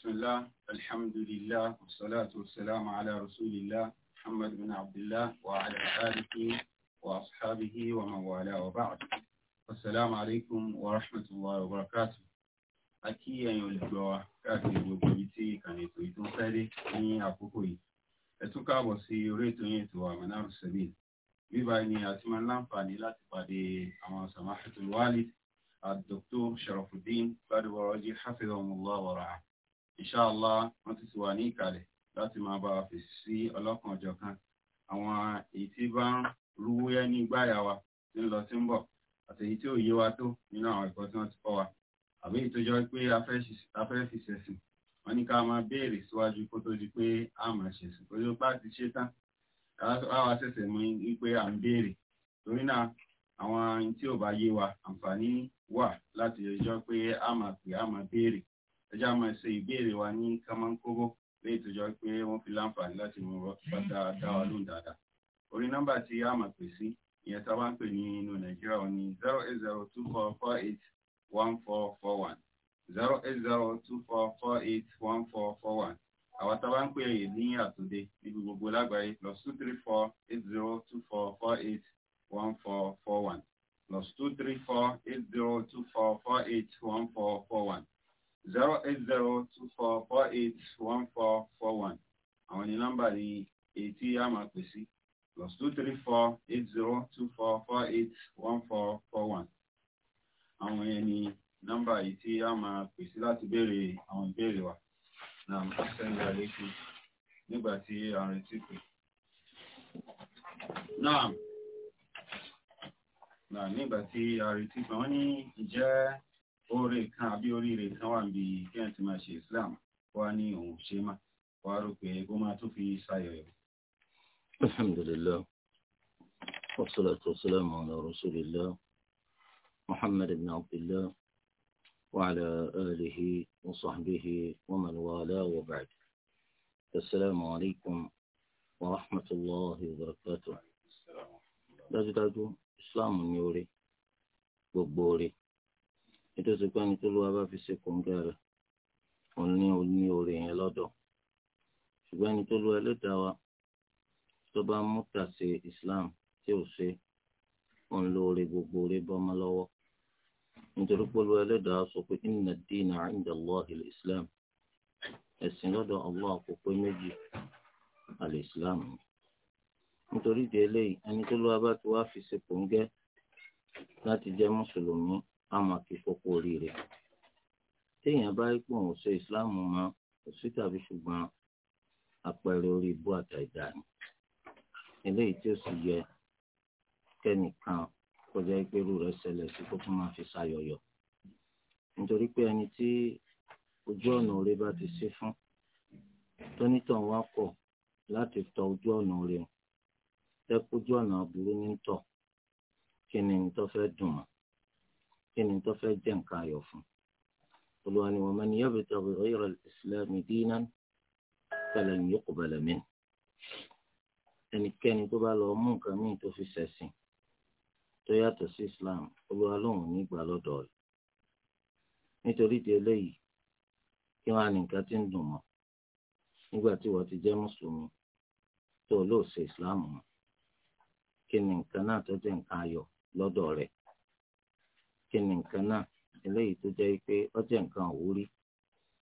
بسم الله الحمد لله والصلاة والسلام على رسول الله محمد بن عبد الله وعلى آله وأصحابه ومن والاه وبعد السلام عليكم ورحمة الله وبركاته أكي أن يلجوا كافي وبيتي كان يتويتون سالي أني أفوكوي أتوكا بسي ريتوني توا منار السبيل بيبا أني أتمنى لنفاني لا تبادي أما سماحة الوالد الدكتور شرف الدين بدر ورجي حفظهم الله ورعاه inshallah wọ́n ti sì wà ní ìkàlẹ̀ láti máa bá wa fèsì sí ọlọ́kan ọ̀jọ̀kan àwọn èyí tí bá wa tí ń lọ tí ń bọ̀ àti èyí tí ò yé wa tó nínú àwọn ẹ̀kọ́ tí wọ́n ti wa àbí ìtọ́jọ́ pé a fi ṣẹ̀sìn wọ́n ní ká máa béèrè síwájú kó tó di pé a máa kó tó bá ti ṣe tán mú à wa àǹfààní wà láti pé a máa ẹjọ́ àmọ́ ṣe ìbéèrè wa ní kámánkóró lè tọjọ́ pé wọ́n fi láǹfààní láti mú ọ bàtà dáwà lóhùn dáadáa orí nọ́mbà tí a máa pè sí ìyẹn tá a bá ń pè ní inú nàìjíríà ò ní zero eight zero two four four eight one four four one zero eight zero two four four eight one four four one àwọn tá a bá ń pè é ní àtúndé níbi gbogbo lágbàáyé plus two three four eight zero two four four eight one four four one plus two three four eight zero two four four eight one four four one. 08024481441 àwọn nọmba a máa pè sí plus two three four eight zero two four four eight one four four one àwọn yẹn ní yìí tí wa na nígbà tí a retí pé náà nígbà tí a oore kan àbí oríire kan wà níbi kí wọ́n ti máa ṣe islam wá ní òun ṣe má wá rò pé ó máa tún fi ṣayọ̀ ẹ̀. alhamdulillah wassalatu wassalamu ala rasulillah muhammad ibn abdillah wa ala alihi wa sahbihi wa man wala wa ba'd assalamu alaykum wa rahmatullahi wa barakatuh dájúdájú islam ní oore gbogbo oore ètò ìsìnkú ẹni tó lówó bá fi ṣe kòǹgẹ́ rẹ̀ òun ní òní oore yẹn lọ́dọ̀ ṣùgbọ́n ẹni tó lówó ẹlẹ́dàá wa tó bá mú tàṣe Islam tí ò ṣe òun lóore gbogbo oore bọ́mọ lọ́wọ́ nítorí pẹ̀lú ẹlẹ́dàá sọ pé inna ad-dīna 'inda Islam, al ẹ̀sìn lọ́dọ̀ Allah kò pé méjì al-Islam nítorí ìdí eléyìí ẹni tó lówó bá ti wá fi ṣe kòǹgẹ́ láti jẹ́ mùsùlùmí Ama máa fi fọ́pọ́ oríire téèyàn bá rí pé ṣe ìsìláàmù mọ́ kò tàbí ṣùgbọ́n àpẹẹrẹ orí ibú o ni eléyìí tí ó sì yẹ kẹ́nìkan kọjá ìpérú rẹ̀ ṣẹlẹ̀ sí fi ṣayọyọ nítorí pé ẹni tí ojú ọ̀nà orí bá ti si fún tónítàn wá kọ̀ láti tọ ojú ọ̀nà orí tẹ́kójú ọ̀nà aburú ní tọ̀ kí ni tó fẹ́ dùn kí ni tó fẹ́ jẹ́ nǹkan ayọ̀ fún Olúwa ni wa man yabtaghi ghayra al-islami dinan falan yuqbala minhu ẹnikẹ́ni tó bá lọ mú nǹkan míì tó fi ṣẹ̀sìn tó yàtọ̀ sí Islam Olúwa lòun ní lọ́dọ̀ rẹ̀ nítorí ti eléyìí kí wọn á ní nǹkan tí ń dùn mọ́ nígbà tí wọ́n ti jẹ́ mùsùlùmí tó o Islam mọ́ kí nǹkan náà tó jẹ́ nǹkan ayọ̀ lọ́dọ̀ rẹ̀ kí ni nǹkan náà eléyìí tó jẹ́ pé ó jẹ́ nǹkan àwórí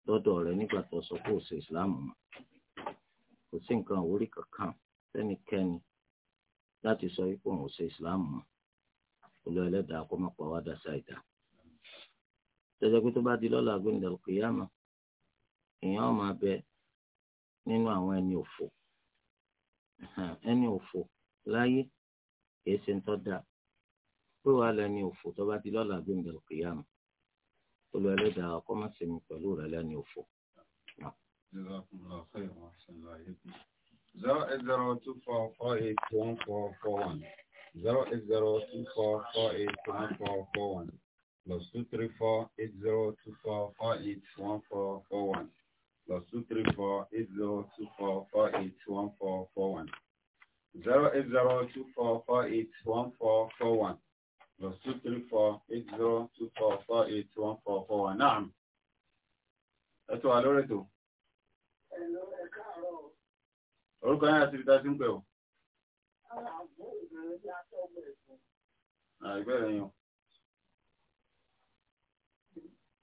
lọ́dọ̀ rẹ̀ nígbà tó sọ pé òsè ìsìláàmù mọ́ kò sí nǹkan àwórí kankan sẹ́nikẹ́ni láti sọ pé òun òsè ìsìláàmù mọ́ olú ẹlẹ́dàá kó má pa wá dá pé tó bá di lọ́la èèyàn nínú àwọn ẹni pé wàá lẹni òfò tó bá di lọ́la gbẹ̀ngàn kìyàmù olùwẹ̀lẹ́dà ọkọ́mọ̀sẹ̀mí pẹ̀lú rẹ̀ lẹ́ni òfò. zero eight zero two four four eight one four four one zero eight zero two four four eight one four four one plus two three four eight zero two four four eight one four four one plus two three four eight zero two four four eight one four four one zero eight zero two four four eight one four four one plus two three four eight zero two four four eight one four four one naam ẹ tó wà lórí ètò. orúkọ yẹn àti ìdájú ń pè ó. ìbéèrè yẹn o.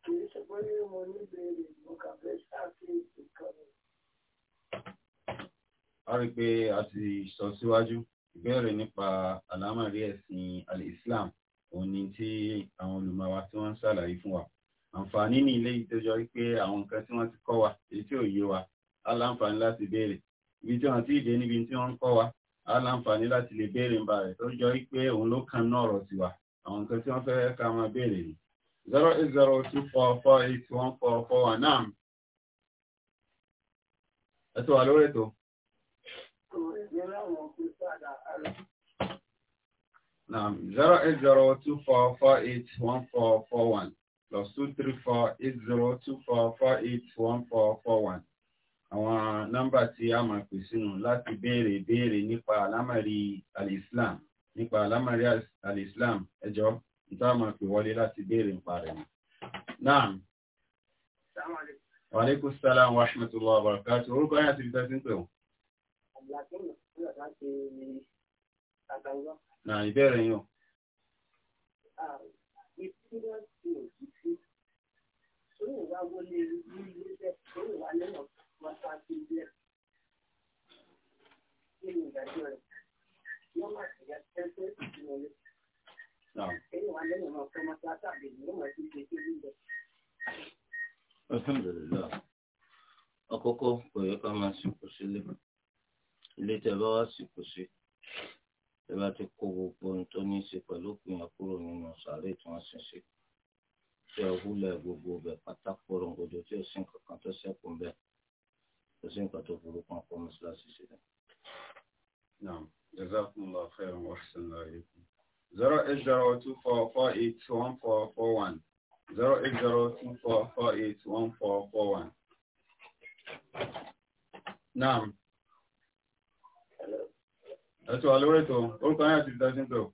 kì í ṣe pé mo ní ìbéèrè mo kà fẹ́ ṣàkíyèsí kan. a rí i pé a ti sọ síwájú ìbéèrè nípa àlámọ̀rí ẹ̀sìn alẹ́ Islam òun ni tí àwọn olùmọ̀ wa tí wọ́n ń ṣàlàyé fún wa àǹfààní ní ilé yìí pé àwọn nǹkan tí wọ́n ti kọ́ wa èyí tí ò yé wa aláǹfààní láti béèrè ibi tí wọ́n ti dé níbi tí wọ́n ń kọ́ wa aláǹfààní láti lè béèrè ń ba rẹ̀ tó jọ pé òun ló kan náà ọ̀rọ̀ tiwa àwọn nǹkan tí wọ́n fẹ́ ká máa béèrè ni zero eight zero two four four eight one four four one naam ẹ tó wà lórí ètò. Now, 08024481441 plus 2348024481441. Àwọn nọ́mbà tí a máa pè sínú láti béèrè béèrè nípa àlámàrí alìsílám nípa àlámàrí alìsílám ẹjọ́ níta máa pè wọlé láti béèrè nípa rẹ̀. Naam. Wa alaikum salaam wa rahmatullahi wa barakatuh. Orúkọ yẹn àti ìfẹ́ sí ń pè wọ́n. Àgbàdo náà ń lọ láti àtàwọn na ìbẹ̀rẹ̀ yàn. Alhamdulillah. Àkọ́kọ́ kò yẹ ká máa sìnkú sílé. Ilé tẹ̀ bá wá sìnkú sí ẹ bá ti kó gbogbo ohun tó ní í ṣe pẹ̀lú òpin àkúrò nínú sàárè tí wọ́n sin sí tí ẹ húlẹ̀ gbogbo ọbẹ̀ pátá porongodo tí ò sí nǹkan kan tó ṣẹ́kù bẹ́ẹ̀ kò sí nǹkan tó burú kan kó mọ́ṣáláṣí sílẹ̀. naam jazakumullah zero eight zero two four four eight one four four one zero eight zero two four four eight one four four one. naam ẹ̀tù alórètò orúkọ yẹn àti ìdájí ń bẹ̀ ọ́.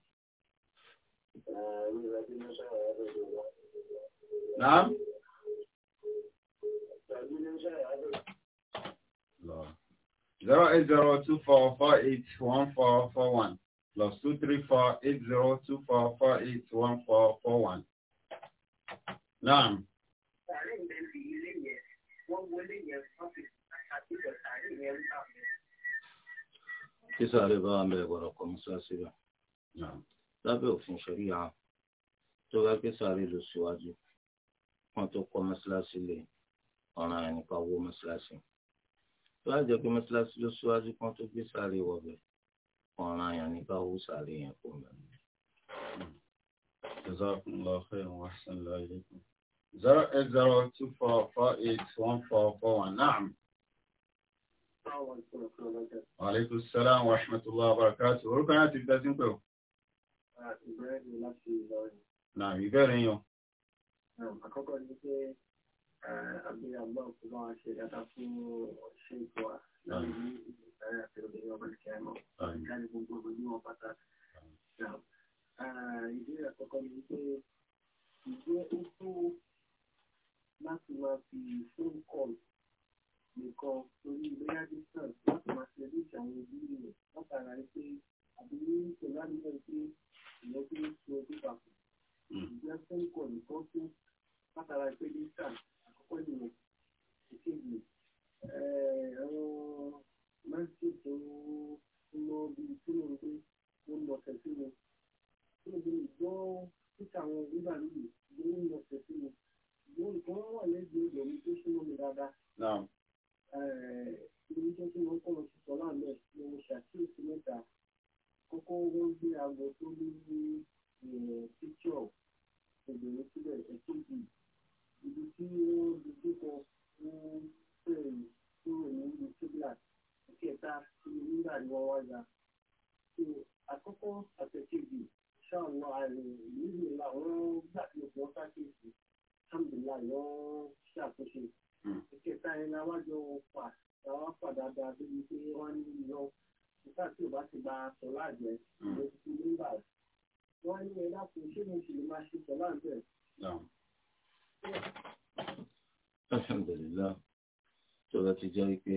náà. zero eight zero two four four eight one four four one plus two three four eight zero two four four eight one four four one. náà. wọ́n wọlé yẹn wọ́n fi àṣà tó lọ yẹn ń bà mí sísọ rẹ bá wà ń bẹ̀rẹ̀ gbọ́dọ̀ kọ́ musa síbẹ̀ lábẹ́ òfin ṣẹ̀ríà tó bá ké sáré lọ síwájú wọn tó kọ́ mọ́ṣáláṣí lè ọ̀ràn ẹ̀ nípa owó mọ́ṣáláṣí tó bá jẹ́ pé mọ́ṣáláṣí ló síwájú kan tó gbé sáré wọ̀bẹ̀ ọ̀ràn ẹ̀ nípa owó sáré yẹn kò mẹ́rin. Jazakumullahu khairan wa ahsana ilaykum. zero eight zero two four four eight one four four one naam. Aleykum salaam wa rahmatullahi wa barakatuh. Orúkọ náà ti fi tẹ́sí ń pẹ̀ o. Ìbẹ̀rẹ̀ láti Ìlọrin. Nà ìbẹ̀rẹ̀ yàn. Àkọ́kọ́ ni pé àbíyá àgbà òkú bá wa ṣe dáadáa fún ṣé ìtò wa lórí ní ìbẹ̀rẹ̀ àti obìnrin ọba ìkẹ́ ẹ̀mọ́. Ìjáde gbogbo ọmọ ní wọn bàtà. Ìdílé àkọ́kọ́ ni pé ìgbé ó tó láti máa fi fóònù kọ́ọ̀lù nìkan torí bóyá distance láti máa ṣe ní ìṣàwọn ẹbí rẹ̀ látara pé àbí ní ìṣẹ̀lá nígbà pé ìyẹn tí ó ṣe ojú papọ̀ hmm. ìjẹ́ sẹ́ńkọ̀ nìkan tó látara pé distance àkọ́kọ́ nìyẹn ìkéde eh, àwọn mẹ́sì tó lọ bíi tí mo ń gbé mo ń lọ tẹ̀sí mi tí mo bèrè gbọ́ títà àwọn nígbà níbi mo ń lọ tẹ̀sí mi mo nǹkan wà lẹ́gbẹ̀ẹ́ ìgbẹ̀mí tó súnmọ́ mi dáadáa iléeṣẹ́ tí wọ́n kọ̀rọ̀ sí sọ́lá náà ni mo ṣàkíyèsí mẹ́ta kọ́kọ́ wọ́n gbé aago tó ní píkṣọ̀ obìnrin sílẹ̀ ẹ̀kejì ibi tí wọ́n dojú kọ wọ́n fẹ̀rẹ̀ kúrò nínú síbílà ìkẹta nígbà ni wọ́n wá ya àkọ́kọ́ àtẹ̀kejì ṣáàlọ́ àìrìn ìlú ìlà wọ́n gbà tí wọ́n ṣàkíyèsí alhamdulilayi wọ́n ṣàtúnṣe. Hmm. ìkẹta yẹn la wá jọ pa la wá pa dáadáa débi pé wọ́n ní lọ nígbà tí ò bá ti gba sọ̀lá àjẹ́ lọ sí nígbà wọ́n ní ẹ dákun ṣé mo sì lè máa ṣe sọ̀lá àjẹ́. alhamdulilah tó bá ti jẹ́ pé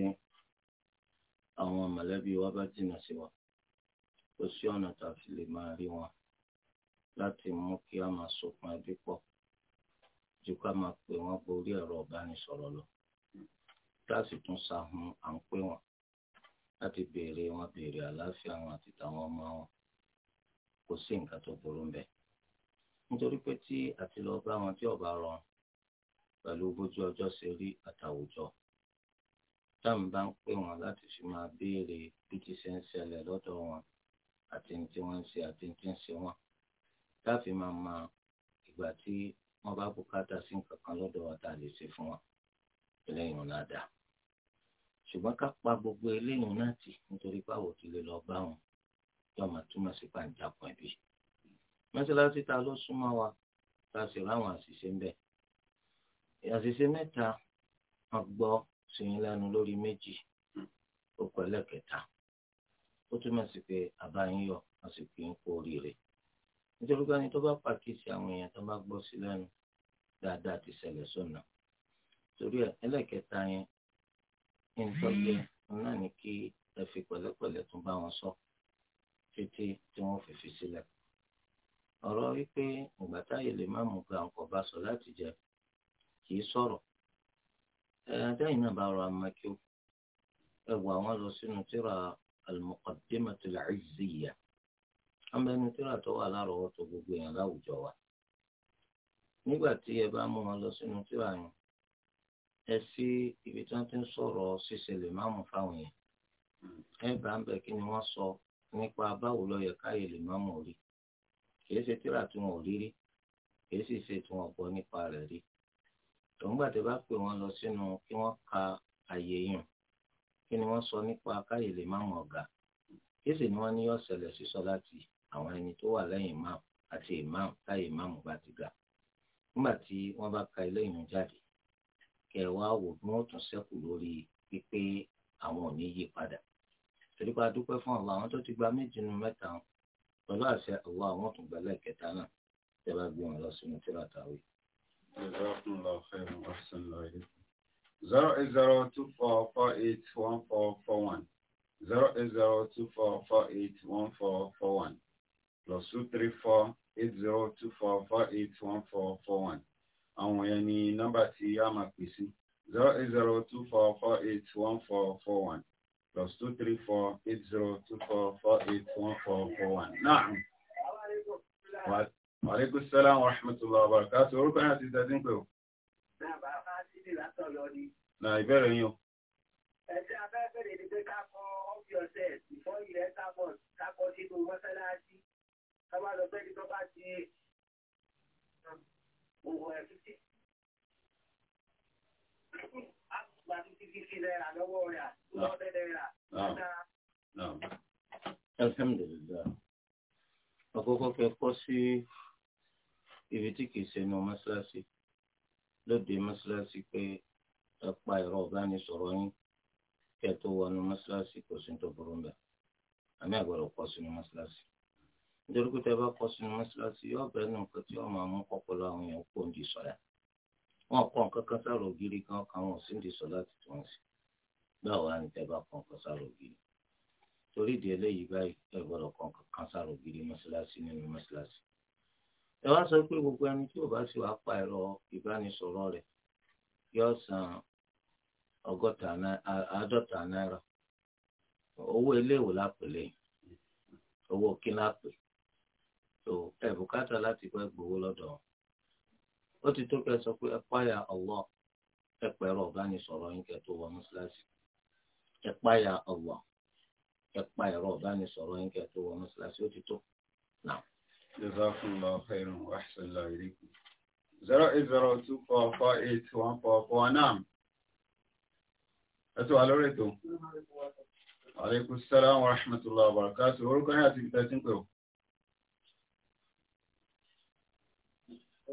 àwọn mọ̀lẹ́bí wa bá jìnnà sí wa kò sí ọ̀nà tá a fi lè máa rí wọn láti mú kí a máa sokùn ẹbí pọ̀ ju ká máa pè wọ́n borí ẹ̀rọ ìbánisọ̀rọ̀ lọ kíláàsì tún sahun à ń pè wọ́n láti béèrè wọn béèrè àlàáfíà wọn àti tàwọn ọmọ wọn kò sí nǹkan tó burú ń bẹ nítorí pé tí àti lọ bá wọn tí ọba rọrùn pẹ̀lú bójú ọjọ́ ṣe rí àtàwùjọ táwọn bá ń pè wọn láti fi máa béèrè bí ti ṣe ń ṣẹlẹ̀ lọ́dọ̀ wọn àti ní tí wọ́n ń ṣe àti ní tí ń ṣe wọn láti máa ma ìgbà tí wọn bá bùkátà sí nǹkan kan lọ́dọ̀ wa tá a lè ṣe fún wa eléyìí náà dá ṣùgbọ́n ká pa gbogbo eléyìí náà tì nítorí báwo ti lè lọ bá wọn yóò máa túmọ̀ sí pàǹjà pọ̀ ẹ̀bí mọ́ṣáláṣí ta ló súnmọ́ wa ta sì ráwọn àṣìṣe ń bẹ àṣìṣe mẹ́ta wọn gbọ́ sínú lẹ́nu lórí méjì ó pẹ̀lẹ́ kẹta ó túmọ̀ sí pé àbáyín yọ wọn sì fi ń kó oríire nítorí pé ẹni tó bá pàkíyèsí àwọn èèyàn tó bá gbọ́ sí lẹ́nu dáadáa ti ṣẹlẹ̀ sọ́nà torí ẹ̀ ẹlẹ́kẹta yẹn ń tọ́lé náà ní kí ẹ fi pẹ̀lẹ́pẹ̀lẹ́ tún bá wọn sọ títí tí wọ́n fi fi sílẹ̀ ọ̀rọ̀ wípé ìgbà táyé lè má mú gan kò bá sọ láti jẹ kì í sọ̀rọ̀ ẹ̀ẹ́dẹ́yìn náà bá rọ amákíó ẹ wà lọ sínú tírà al-Muqaddimatul ọmọ ẹni tíra tó wà lárọ̀ọ́wọ́tó gbogbo èèyàn láwùjọ wa nígbà tí ẹ bá mú wọn lọ sínú tíra yẹn ẹ sí ibi tí wọ́n ti ń sọ̀rọ̀ ṣíṣe lè má mú fáwọn yẹn ẹ bá ń bẹ kí ni wọ́n sọ nípa báwo ló yẹ káyè lè má mú rí kìí ṣe tíra tí wọn ò rí rí kìí sì ṣe tí wọn gbọ́ nípa rẹ̀ rí tòǹgbà tí bá pè wọ́n lọ sínú kí wọ́n ka àyè yàn kí ni wọ́n sọ nípa káyè lè má mú ọ̀gá kí sì ni wọ́n ní yọ sísọ láti yìí àwọn ẹni tó wà lẹ́yìn imam àti imam táyé imam bá ti ga nígbà tí wọ́n bá ka ilé ìyún jáde kẹ wá wò bí wọ́n tún ṣẹ́kù lórí pípé àwọn ò ní yí padà torí pé a dúpẹ́ fún Allah àwọn tó ti gba méjì nínú mẹ́ta pẹ̀lú àṣẹ Allah àwọn tó gbẹlẹ kẹta náà tẹ bá gbé wọn lọ sínú tíra tàwé. zero eight zero two four four eight one four four one zero eight zero two four four eight one four four one plus two three four eight zero two four four eight one four four one àwọn yẹn ni nọ́mbà tí a máa pè sí zero eight zero two four four eight one four four one plus two three four eight zero two four four eight one four four one náà. Wàlékún sálám wa rahmatullahi wa barakatuh orúkọ náà ti tẹ́tí ń pè ó. Náà bàbá Sídì látọ̀ lọ ni. Nà ìbéèrè yín o. Ẹ̀sìn afẹ́fẹ́ lè ní pé ká kọ́ ọ́fíọ̀sẹ̀ before you ká kọ́ nínú mọ́sálásí tọ́ba lọ bẹ́ẹ̀ ni tọ́ba ti owó ẹ̀ fífi. Àgbà fífi fífi náírà lọ́wọ́ rẹ̀ lọ́dẹ náírà. Alhamdulillah. Àkọ́kọ́ kẹ kọ́ sí ibi tí kìí ṣe nu mọ́ṣáláṣí lóde mọ́ṣáláṣí pé ẹ pa ẹ̀rọ ìbánisọ̀rọ̀ yín kẹ́ tó wọnú mọ́ṣáláṣí kò sí tó burú bẹ́ẹ̀. Àmì àgbàdo kọ́ sínú mọ́ṣáláṣí nítorí pé tẹ́lẹ̀ bá kọ́ sínú mọ́ṣáláṣí yóò bẹ́ẹ̀ nù nǹkan tí wọ́n máa mú ọpọlọ àwọn èèyàn kó ń di sọ́lá wọn kọ́ nǹkan kan sáré ògiri kan kan wọn sì ń di sọ́lá ti tún sí báwo ni tẹ́lẹ̀ bá kọ́ nǹkan sáré ògiri torí ìdí eléyìí báyìí ẹ gbọ́dọ̀ kọ́ nǹkan kan sáré ògiri mọ́ṣáláṣí nínú mọ́ṣáláṣí ẹ wá sọ pé gbogbo ẹni tí ò bá sì wá pa ẹ̀rọ ìbánisọ̀rọ̀ rẹ̀ yóò san ọgọ́ta àádọ́ta náírà owó eléwò lápèlè owó kí lápè so ẹ bùkátà láti pẹ́ gbowó lọ́dọ̀ ó ti tó kẹ́ sọ pé ẹ páyà Allah ẹ pẹ̀rọ ọ̀bánisọ̀rọ̀ yín kẹ́ wọ mọ́ṣáláṣí ẹ páyà Allah ẹ pa ẹ̀rọ yín kẹ́ wọ mọ́ṣáláṣí ó ti tó náà. wa ahsanallahu ilaykum zero eight zero two four four eight one four four ẹ ti wà lórí ètò. aleykum salaam wa wa orúkọ àti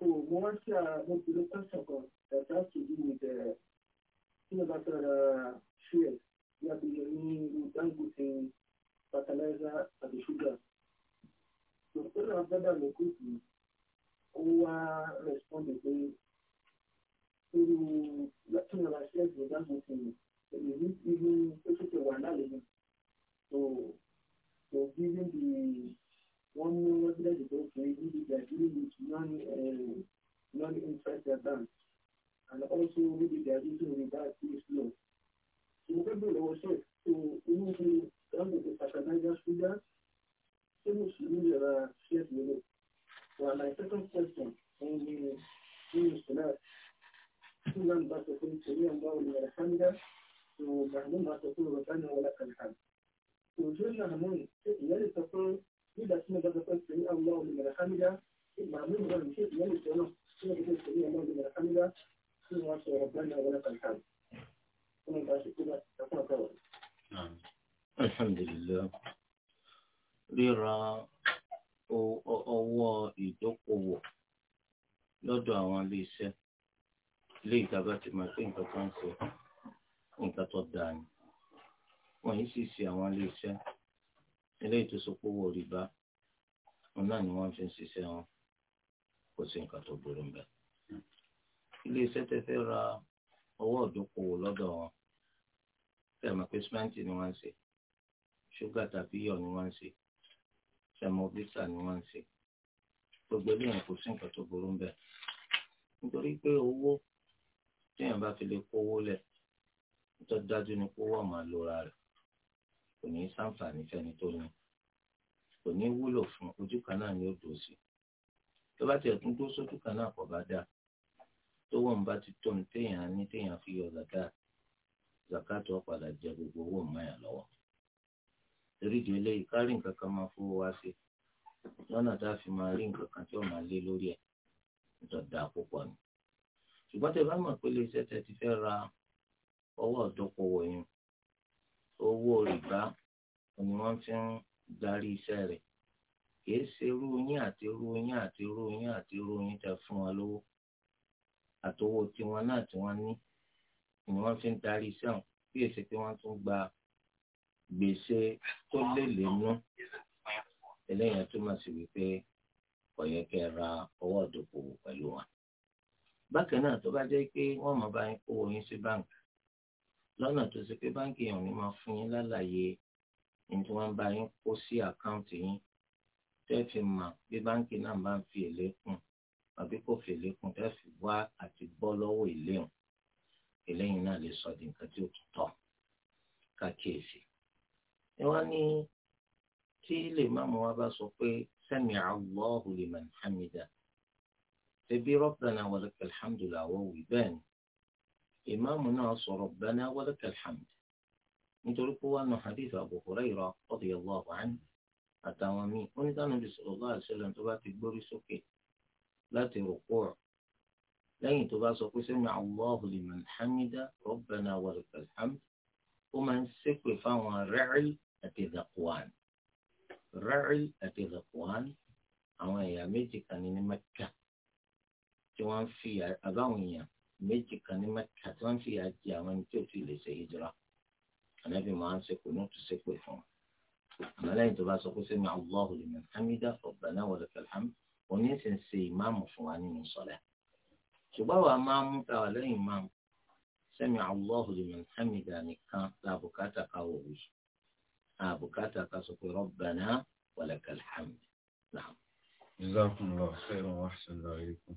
Oh, once uh, when we look at soccer, that has to do with the uh, thing about the uh, shares. We have to use dangote fertilizer and the sugar. So, all of that are good. Who are responding to to letting our shares with dangote. It is even, it's a one So, so giving the wọ́n ní lọ́sílẹ̀dì tó fẹ́ yìí gàdúrà with non-interest bank and also with the gàdúrà in regard to this loan. So mo fẹ́ bèrè lọ́wọ́ ṣe so inú mi láti fi sàkàdájá ṣúgá ṣé mo sì ní ìlera ṣe ìlú. Well, my second question on the English class. Sunan ba ta kun ce yan bawo ne alhamda to ba mun ba ta kun rotana wala kalhan. To jinna mun sai iyali nígbà tí mo gbàgbọ́ pé sèmi àwọn ọmọ ìmọ̀ràn kámídá ìgbà mi ìmọ̀ràn mi ṣe ìyẹn ìṣẹ́ náà tí mo gbàgbọ́ sèmi àwọn ọmọ ìmọ̀ràn kámídá tí wọ́n sọ ọ̀rọ̀ bẹ́ẹ̀ náà wọlé kàlíkà Alhamdulillah ríra owó ìdókòwò lọ́dọ̀ àwọn iléeṣẹ́ ilé ìtàgá ti máa pé nǹkan tó ń ṣe nǹkan tó dáa ni wọ́n yìí sì ṣe àwọn iléeṣẹ́ eléyìí tó sọ pé owó rìbá òun náà ni wọ́n fi ń ṣiṣẹ́ wọn kò sí nǹkan tó burú ń bẹ̀. ilé iṣẹ́ tẹ́ fẹ́ ra owó ìdókòwò lọ́dọ̀ wọn fẹ̀mọ̀ pé ni wọ́n ń ṣe ṣúgà tàbí iyọ̀ ni wọ́n ń ṣe fẹ̀mọ̀ bísà ni wọ́n ń ṣe gbogbo eléyìí kò sí nǹkan tó burú ń bẹ̀. nítorí pé owó téèyàn bá fi lè kówó lẹ̀ tó dájú ni kówó ọ̀ máa rẹ̀ kò ní ṣàǹfààní fẹ́ni tó ní kò ní wúlò fún ojú kan náà ni ó dùn sí tó bá tiẹ̀ tún dúró sójú kan náà kò bá dáa tó wọ́n bá ti tó ní téèyàn ní téèyàn fi yọ zaka zaka tó padà jẹ gbogbo owó mọ́yà lọ́wọ́ torí di eléyìí ká rí nǹkan kan máa fowó wá sí lọ́nà tá a fi máa rí nǹkan kan tí ó máa lé lórí ẹ̀ nítorí púpọ̀ ni ṣùgbọ́n tẹ bá mọ̀ pé iléeṣẹ́ tẹ ti fẹ́ ra ọwọ́ ọ̀dọ́kọ̀wọ̀ yẹn owó rìbá ni wọ́n ti ń darí iṣẹ́ rẹ̀ kìí ṣe irú yín àti irú yín àti irú yín àti irú yín tẹ fún wọn lówó àtowó tiwọn náà tí wọ́n ní ni wọ́n fi ń darí iṣẹ́ wọn bí èsì pé wọ́n tún gba gbèsè tó lè lè nú eléyìí túmọ̀ sí wípé kò yẹ kẹ́ ra owó ìdókòwò pẹ̀lú wọn. bákan náà tó bá jẹ́ pé wọ́n mọ̀ bá yín kówó sí báǹkì lọ́nà tó ṣe pé báńkì yẹn ò ní máa fún yín lálàyé ní tí wọ́n bá yín kó sí àkáǹtì yín tẹ́ fi mọ̀ bí báńkì náà bá ń fi èlé kùn àbí kò fi èlé kùn tẹ́ fi wá àti bọ́ lọ́wọ́ èlé hùn náà lè sọ di nǹkan tí ó tọ́ kákíyèsí. ẹ wá ní tí lèmáàmù wa bá sọ pé sami'a Allahu liman hamida ṣebí rabbana wa lakal hamdu làwọ̀ wí bẹ́ẹ̀ ni. إمام ناس ربنا ولك الحمد نترك أن حديث أبو هريرة رضي الله عنه التوامي أنت النبي صلى الله عليه وسلم تبات بوري سكي لا تركوع لين تبات سمع الله لمن حمد ربنا ولك الحمد ومن سك فهو رعي أتذقوان رعي أتذقوان أما يا ميتك أني مكة جوان في أغاوين méjì kan ní mẹ́ta tí wọ́n fi yà jẹ àwọn ẹni tí ò fi lè ṣe hijira ànábì máa ń ṣepò ní òtún ṣepò fún àmọ́ lẹ́yìn tó bá sọ pé sẹ́mi Allahu liman hamida rabbana wa lakal hamd òní sì ń ṣe ìmáàmù fún wa nínú sọ́lá ṣùgbọ́n wa máa ń mú ta wà lẹ́yìn ìmáàmù sẹ́mi Allahu liman hamida nìkan lábùkátà ká wò wí àbùkátà ká sọ pé rabbana wa lakal hamd. Jazakumullahu khairan wa ahsana ilaykum.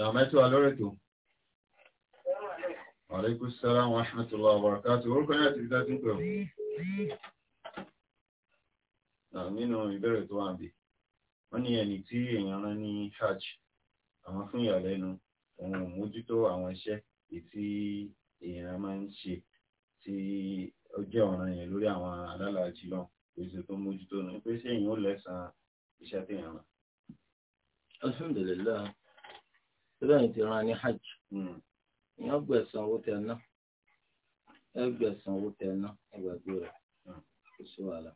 Nàmẹ́ tí wà lórí ètò. Àlékún sára wọn ṣàtìlọ àbàràká tí orúkọ yẹn ti dá tún pẹ̀lú. Nínú ìbéèrè tó wà bí. Wọ́n ní ẹni tí èèyàn rán ní Hajj, àwọn fún ìyàlẹ́nu, òun ò mójútó àwọn iṣẹ́ ètí èèyàn máa ń ṣe tí ó jẹ́ ọ̀ràn Alhamdulillah síbẹ̀ yìí ti ran ní hajj hmm. èèyàn gbẹ̀sán owó tẹ̀ ná ẹ gbẹ̀sán owó tẹ̀ ná ẹgbẹ̀gbẹ̀ rẹ̀ hmm. kò sí wàhálà.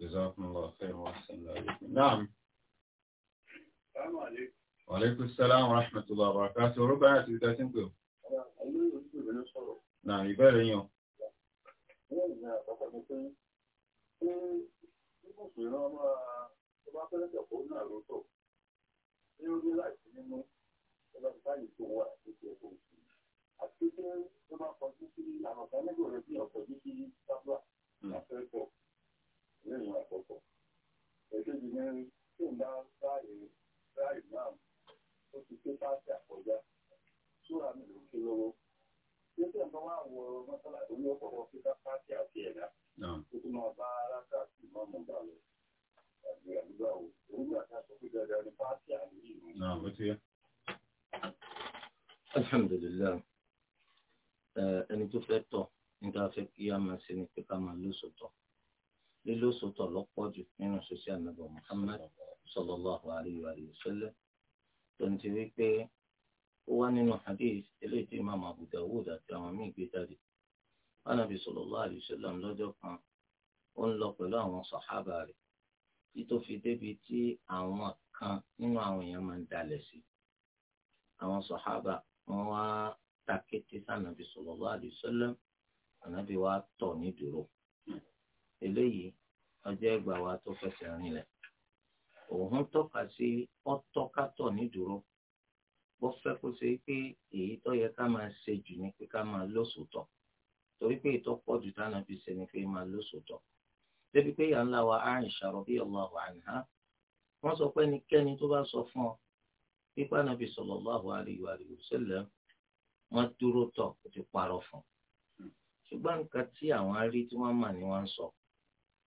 Jazakumullahu khairan wa sallallahu alayhi Naam. Wa alaykum assalam wa rahmatullahi wa barakatuh. Orúkọ ayé àti ìdásí ń pè ọ́. Naam, ìbéèrè yín o. Ṣé ìgbésùn ìran máa tó bá fẹ́rẹ̀ tẹ̀kọ́ náà lóòótọ́? ní orí láti nínú ọba tí báyìí tó wà tó ti ẹ̀kọ́ òsì àti pé ó máa kọ sí sí àwọn ìdánilẹ́gbẹ̀ẹ́ rẹ̀ bí ọ̀pọ̀ ní sí sábà hmm. àfẹ́fọ̀ lẹ́yìn àkọ́kọ́ ẹ̀kejì ní tí ń bá ráàyè ráàyè náà ó ti pé bá ṣe àkọjá súra mi ló ké lọ́wọ́ tí ó tẹ̀ ń bá wà wọ mọ́tálá orí ọ̀pọ̀ kí bá pàṣẹ àti ẹ̀dá tó hmm. tún máa bá aráàlú àti mọ́mọ́ bá lọ alhamdulillah eh, ẹni tó fẹ́ tọ̀ níta fẹ́ kí a máa ṣe ni pé ká máa lóṣòótọ́ lílóṣòótọ́ lọ́pọ̀ jù nínú ṣíṣe ànábọ̀ Muhammad sallallahu alayhi wa sallam tó ń ti wí pé ó wá nínú hadith eléyìí tí Imam Abu Dawud àti àwọn míì gbé jáde Ànábì sallallahu alayhi wa sallam lọ́jọ́ kan ó ń lọ pẹ̀lú àwọn sàhábà rẹ̀ tí tó fi débi tí àwọn kan nínú àwọn èèyàn máa ń dalẹ̀ sí àwọn sọ̀hábà wọn wá takété sànàbì sallallahu alaihi wasallam ànábì wa tọ̀ ní dúró eléyìí ọjọ́ ẹgbà wa tó fẹsẹ̀ rinlẹ̀ òun tọ́ka sí ọtọ́kátọ̀ ní dúró bó fẹ́ kó ṣe pé èyí tó yẹ ká máa ṣe jù ni pé ká máa lóṣòótọ́ torí pé ìtọ́pọ̀ jù tánàbì ṣe ni pé máa lóṣòótọ́ débi pé ìyá ńlá wa Aisha radiyallahu anha wọ́n sọ pé ẹnikẹ́ni tó bá sọ fún ọ pípa nàbì sallallahu alayhi wa sallam wọ́n dúró tọ̀ kó ti parọ́ fún ṣùgbọ́n nǹkan tí àwọn arí tí wọ́n mà ní wọ́n sọ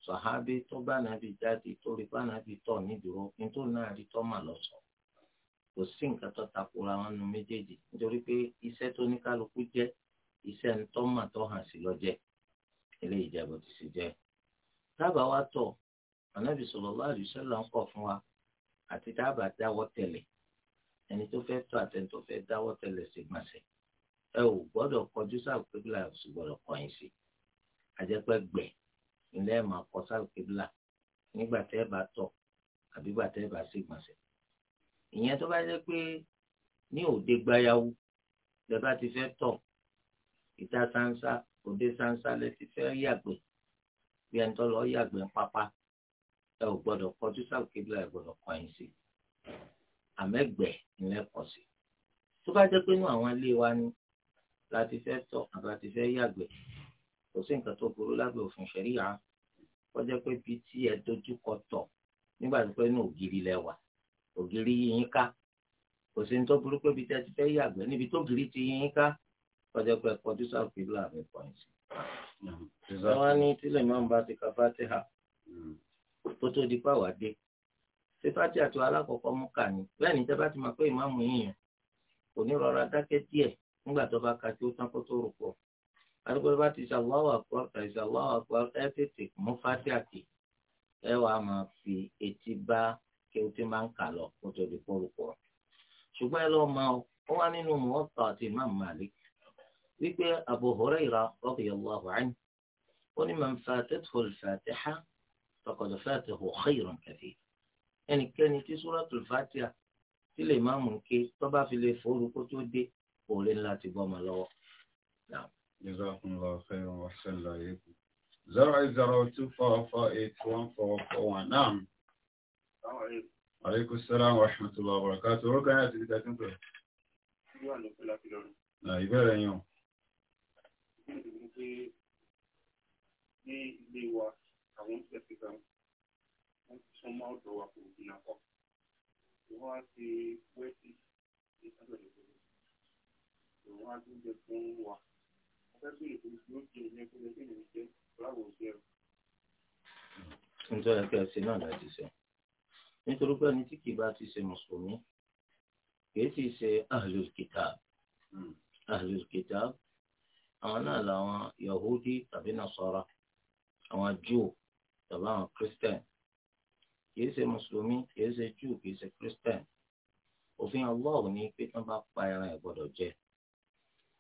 sọ̀hábí tó bá jáde tó rí bá tọ̀ nídùúró ní tó náà rí tọ́ mà lọ sọ kò sí nǹkan tó méjèèjì nítorí pé tó ní dábàá wa tọ̀ ànábì sallallahu alaihi wasallam ń kọ̀ fún wa àti dábàá dáwọ́ tẹ̀lé ẹni tó fẹ́ tọ̀ àtẹni tó fẹ́ dáwọ́ tẹ̀lé ṣègbọ̀nsẹ̀ ẹ ò gbọ́dọ̀ kọjú sàlùkébìlà ò sì gbọ́dọ̀ kọ̀yìn sí àjẹpẹ́ gbẹ̀ ilé ẹ̀ máa kọ sàlùkébìlà nígbà tẹ́ ẹ bá tọ̀ àbí gbà tẹ́ ẹ bá ṣègbọ̀nsẹ̀ ìyẹn tó bá jẹ́ pé ní òde gbayawu lẹ bá ti fẹ́ tọ̀ ìta sánsá òde sánsá lẹ ti fẹ́ yàgbẹ́ bí ẹni tó lọ yàgbẹ́ pápá ẹ ò gbọ́dọ̀ kọjú sàkébìlà ẹ gbọ́dọ̀ kọyìn sí àmẹ́gbẹ́ ìlẹ́ pọ̀ sí tó bá jẹ́ pé inú àwọn ilé wa ni láti fẹ́ tọ̀ àbáti fẹ́ yàgbẹ́ kò sí nǹkan tó burú lábẹ́ òfin ṣẹ̀ríyà kọjá pé bíi tí ẹ dojú kọ tọ̀ nígbà tó pé inú ògiri lẹ wà ògiri yín ká kò sí ní tó burú pé bíi tí ẹ ti fẹ́ yàgbẹ́ níbi tó gírí ti yín ká kọjá pé ẹ kọjú sàkébìlà ẹ pọ̀ sí. wọ́n ní tílẹ̀ máa ń bá ti ka fatiha hmm. kó tó di pàwọ́ dé ṣé fatiha tó alákọ̀ọ́kọ́ mú kà ní bẹ́ẹ̀ ni jábá ti máa pé ìmáàmù yìí yẹn kò ní rọra dákẹ́ díẹ̀ nígbà tó bá ka tí ó tán kó tó rò pọ̀ bá ti ṣàwáwà àpò ẹ tètè mú fi etí bá kí o ti máa ń kà lọ kó tó di pọ̀ rò pọ̀ ṣùgbọ́n ẹ lọ́ọ́ máa wá nínú Malik ذكر أبو هريرة رضي الله عنه ولمن فاتته الفاتحة فقد فاته خير كثير يعني كان في سورة الفاتحة في الإمام كي طبع في الفور كتودي قول الله تبوم الله نعم جزاكم الله خير وحسن الله يكون زرع زرعت فوفا ايت وان فوفا وان نعم عليكم السلام ورحمة الله وبركاته ركعت بتاكم كله نعم يبقى يوم níbi ní pé ní ilé wa àwọn oúnjẹ ti gbà wọ́n ti sún mọ́ ọ̀dọ̀ wa kò jìnnà kọ́ wọ́n á ti wẹ́ẹ̀tì ní sábẹ̀lẹ̀ gbogbo wọ́n á gbé fún wa wọ́n fẹ́ bí ètò ìṣúná ti ẹ̀yẹ kó lè dé ìrìn jẹ́ láwọ̀ òṣè rẹ̀. nítorí pé ẹsẹ̀ náà láti ṣe nítorí pé ẹni tí kì í bá ti ṣe mùsùlùmí kì í ti ṣe ahlul kitab hmm. ahlul kitab àwọn náà làwọn yahudi tàbí nasara àwọn Jew, tàbí àwọn christian kìí ṣe mùsùlùmí kìí ṣe júù kìí ṣe christian òfin allah ní pé tí wọn bá pa ẹran ẹ gbọ́dọ̀ jẹ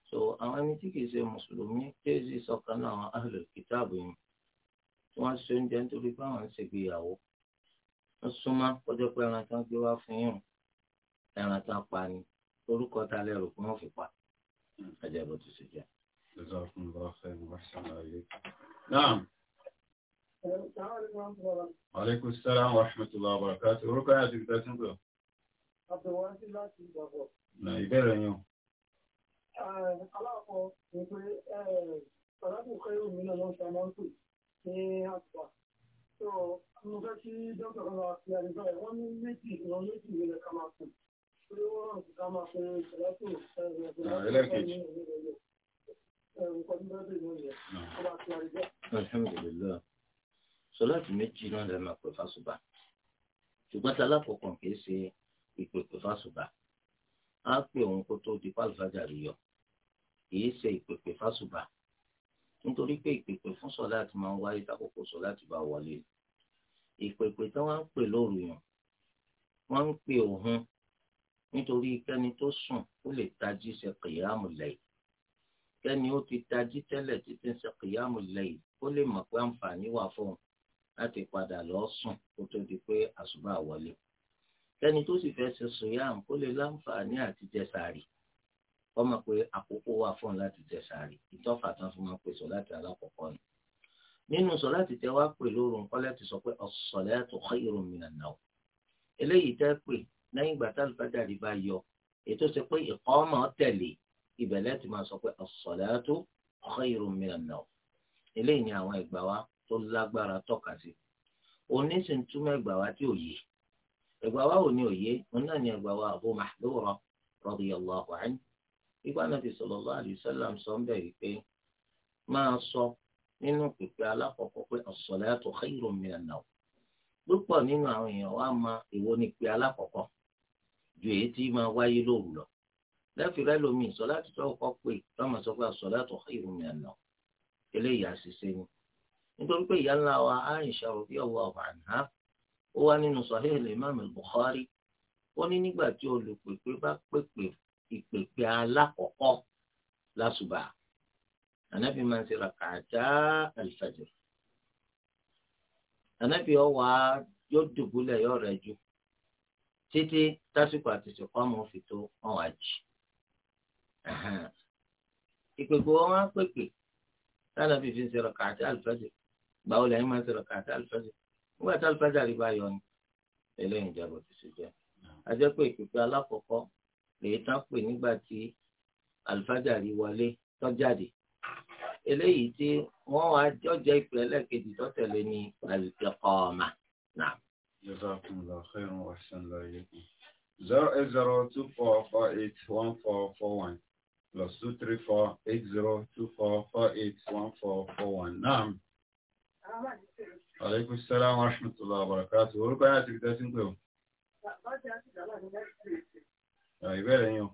so àwọn ẹni tí kìí ṣe mùsùlùmí kìí ṣe sọkan náà àwọn ahlul kitaabu yìí tí wọn ṣe oúnjẹ nítorí pé àwọn ń ṣègbéyàwó wọn súnmọ́ kọjọ pé ẹran tí wọn gbé wá fún yìí ẹran tí wọn pa ni orúkọ ta lẹrù pé wọn fi pa ẹjẹ bó ti ṣe jẹ. جزاكم الله خير واحسن عليك نعم وعليكم السلام ورحمة الله وبركاته orúkọ yà ti gbà tún gbọ́. àbẹ̀wọ́sí láti ìgbàgbọ́. nà ìbéèrè yín o. aláàkọ ni pé sàlámù kẹrù mi náà lọ́sàn-án máa ń pè ní àpá. tó mo fẹ́ kí dókítà kan máa fi àyè báyìí wọ́n ní méjì ìran méjì ìrẹ̀lẹ̀ ká máa pè. pé wọ́n rán ká máa pè sàlámù kẹrù mi náà lọ́sàn-án máa ń pè ní ìrẹ̀lẹ̀ alhamdulilayi sọláàtì méjì náà lè máa pè fásùbà ṣùgbọ́n tá alákọ̀ọ́kọ́ kì í ṣe ìpèpè fásùbà á pè òun kó tó di pálífàjà rí yọ kì í ṣe ìpèpè fásùbà nítorí pé ìpèpè fún sọláàtì máa ń wáyé tákòókò sọláàtì bá wọlé ìpèpè tí wọ́n ń pè lóru yàn wọ́n ń pè òun nítorí kẹ́ni tó sùn ó lè tají ṣe kìyàmù lẹ́yìn kẹ́ni ó ti tají tẹ́lẹ̀ títí ń ṣe kìyàmù lẹ́yìn ó lè mọ̀ pé àǹfààní wà fún un láti padà lọ sùn kó tó di pé àṣùbà wọlé kẹ́ni tó sì fẹ́ ṣe sùyàmù ó lè láǹfààní àti jẹ sàárì pé àkókò wà fún láti jẹ ìtọ́fà tán fún wọn pé sọ láti alákọ̀ọ́kọ́ ni nínú sọ láti tẹ wá pè lóru nǹkan láti sọ pé as-salatu khayrun minan nawm eléyìí tẹ́ pè lẹ́yìn ìgbà tálùfáàdàrí ibẹ̀ lẹ́tì máa sọ pé as-salatu khayrun minan-nawm eléyìí ni àwọn ìgbà wa tó lágbára tọ́ka sí oníṣẹ́ túmọ̀ ìgbà wa tí ò yé ìgbà wa ò ní òye òun náà ni ìgbà wa Abu Mahdura radiyallahu anhu ìgbà náà ti sallallahu alayhi wa sallam sọ ń bẹ̀ wípé máa sọ nínú pèpè alákọ̀ọ́kọ́ pé as-salatu khayrun minan púpọ̀ lẹ́fìrẹ́ lomi sọlá ti tọ́ ọkọ pé lọ́mọ sọ pé sọlá tó khayrun minan nawm eléyìí àṣìṣe ni nítorí pé ìyá ńlá wa Aisha radiyallahu anha ó wá nínú Sahih al-Imam al-Bukhari ó ní nígbà tí olùpèpè bá pèpè ìpèpè alákọ̀ọ́kọ́ lásùbà ànábì máa ń ṣe ràkàtà al-fajr ànábì ọwà yóò dùbúlẹ̀ yóò rẹ̀ jù títí tásìkò àti ìsìnkú fi tó ọ̀hún àjì ìpègbè wọn máa ń pèpè sáadà fífi ń sẹ̀rọ̀ kàtí àlùfáàjì gbàwó lẹ́yìn máa ń sẹ̀rọ̀ kàtí àlùfáàjì nígbà tí àlùfáàjì àríwá yọ ni eléyìí ìjábọ̀ ti ṣe jẹ́ ajẹ́ pé ìpèpè alákọ̀ọ́kọ́ lèyí tán pè nígbà tí àlùfáàjì àríwọlé tó jáde eléyìí tí wọ́n wá jọ́jẹ́ ìpè ẹlẹ́ẹ̀kejì tó tẹ̀lé ní àlùfẹ́kọ̀ọ́mà náà. jazakumullah khairan wa ahsan zero eight zero two four four eight one four four one plus two three four eight zero two four four eight one four four one naam. aleykum salaam wa rahmatulah wa barakatu orúkọ yàtí bí tẹ́sí ń pè ọ́. ìbéèrè yín o